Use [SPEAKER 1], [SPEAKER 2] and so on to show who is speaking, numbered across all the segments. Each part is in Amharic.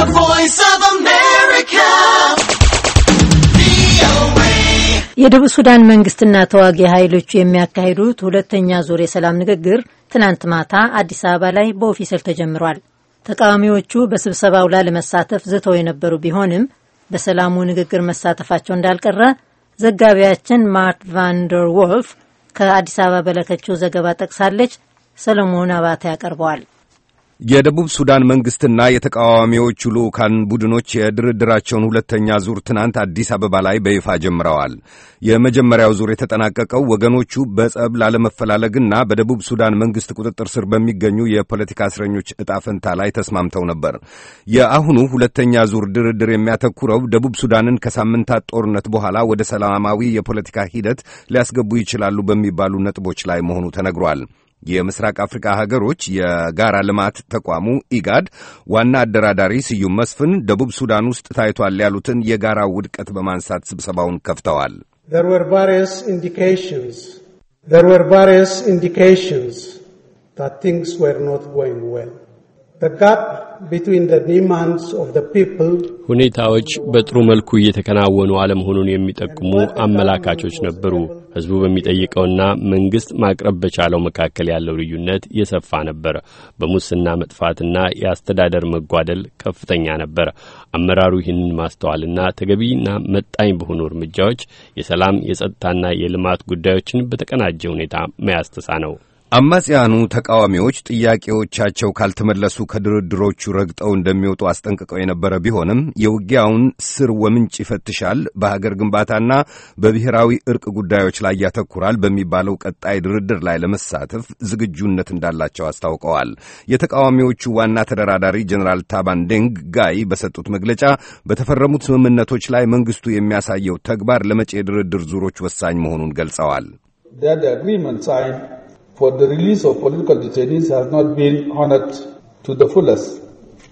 [SPEAKER 1] The Voice of America.
[SPEAKER 2] የደቡብ ሱዳን መንግስትና ተዋጊ ኃይሎቹ የሚያካሂዱት ሁለተኛ ዙር የሰላም ንግግር ትናንት ማታ አዲስ አበባ ላይ በኦፊሴል ተጀምሯል። ተቃዋሚዎቹ በስብሰባው ላይ ለመሳተፍ ዝተው የነበሩ ቢሆንም በሰላሙ ንግግር መሳተፋቸው እንዳልቀረ ዘጋቢያችን ማርት ቫንደር ወልፍ ከአዲስ አበባ በለከችው ዘገባ ጠቅሳለች። ሰለሞን አባተ ያቀርበዋል።
[SPEAKER 1] የደቡብ ሱዳን መንግስትና የተቃዋሚዎቹ ልዑካን ቡድኖች የድርድራቸውን ሁለተኛ ዙር ትናንት አዲስ አበባ ላይ በይፋ ጀምረዋል። የመጀመሪያው ዙር የተጠናቀቀው ወገኖቹ በጸብ ላለመፈላለግና በደቡብ ሱዳን መንግስት ቁጥጥር ስር በሚገኙ የፖለቲካ እስረኞች እጣ ፈንታ ላይ ተስማምተው ነበር። የአሁኑ ሁለተኛ ዙር ድርድር የሚያተኩረው ደቡብ ሱዳንን ከሳምንታት ጦርነት በኋላ ወደ ሰላማዊ የፖለቲካ ሂደት ሊያስገቡ ይችላሉ በሚባሉ ነጥቦች ላይ መሆኑ ተነግሯል። የምስራቅ አፍሪካ ሀገሮች የጋራ ልማት ተቋሙ ኢጋድ ዋና አደራዳሪ ስዩም መስፍን ደቡብ ሱዳን ውስጥ ታይቷል ያሉትን የጋራ ውድቀት በማንሳት ስብሰባውን ከፍተዋል።
[SPEAKER 3] ሁኔታዎች በጥሩ መልኩ እየተከናወኑ አለመሆኑን የሚጠቁሙ አመላካቾች ነበሩ። ሕዝቡ በሚጠይቀውና መንግሥት ማቅረብ በቻለው መካከል ያለው ልዩነት የሰፋ ነበር። በሙስና መጥፋትና የአስተዳደር መጓደል ከፍተኛ ነበር። አመራሩ ይህንን ማስተዋልና ተገቢና መጣኝ በሆኑ እርምጃዎች የሰላም የጸጥታና የልማት ጉዳዮችን በተቀናጀ ሁኔታ መያዝ ተሳነው።
[SPEAKER 1] አማጽያኑ ተቃዋሚዎች ጥያቄዎቻቸው ካልተመለሱ ከድርድሮቹ ረግጠው እንደሚወጡ አስጠንቅቀው የነበረ ቢሆንም የውጊያውን ስር ወምንጭ ይፈትሻል፣ በሀገር ግንባታና በብሔራዊ እርቅ ጉዳዮች ላይ ያተኩራል በሚባለው ቀጣይ ድርድር ላይ ለመሳተፍ ዝግጁነት እንዳላቸው አስታውቀዋል። የተቃዋሚዎቹ ዋና ተደራዳሪ ጀኔራል ታባንዴንግ ጋይ በሰጡት መግለጫ በተፈረሙት ስምምነቶች ላይ መንግስቱ የሚያሳየው ተግባር ለመጪ የድርድር ዙሮች ወሳኝ መሆኑን ገልጸዋል።
[SPEAKER 3] for the release of political detainees has not been honored to the fullest.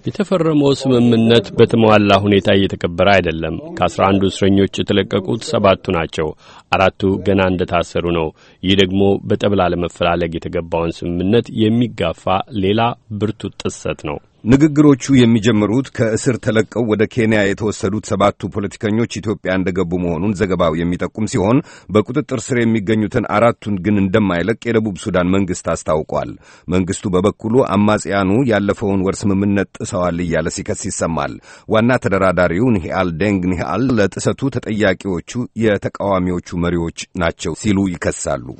[SPEAKER 3] የተፈረመው ስምምነት በተሟላ ሁኔታ እየተከበረ አይደለም። ከአስራ አንዱ እስረኞች የተለቀቁት ሰባቱ ናቸው። አራቱ ገና እንደ ታሰሩ ነው። ይህ ደግሞ በጠብላ ለመፈላለግ የተገባውን ስምምነት የሚጋፋ ሌላ ብርቱ ጥሰት ነው።
[SPEAKER 1] ንግግሮቹ የሚጀምሩት ከእስር ተለቀው ወደ ኬንያ የተወሰዱት ሰባቱ ፖለቲከኞች ኢትዮጵያ እንደገቡ መሆኑን ዘገባው የሚጠቁም ሲሆን በቁጥጥር ስር የሚገኙትን አራቱን ግን እንደማይለቅ የደቡብ ሱዳን መንግስት አስታውቋል። መንግስቱ በበኩሉ አማጽያኑ ያለፈውን ወር ስምምነት ጥሰዋል እያለ ሲከስ ይሰማል። ዋና ተደራዳሪው ኒህአል ደንግ ኒህአል ለጥሰቱ ተጠያቂዎቹ የተቃዋሚዎቹ መሪዎች ናቸው ሲሉ ይከሳሉ።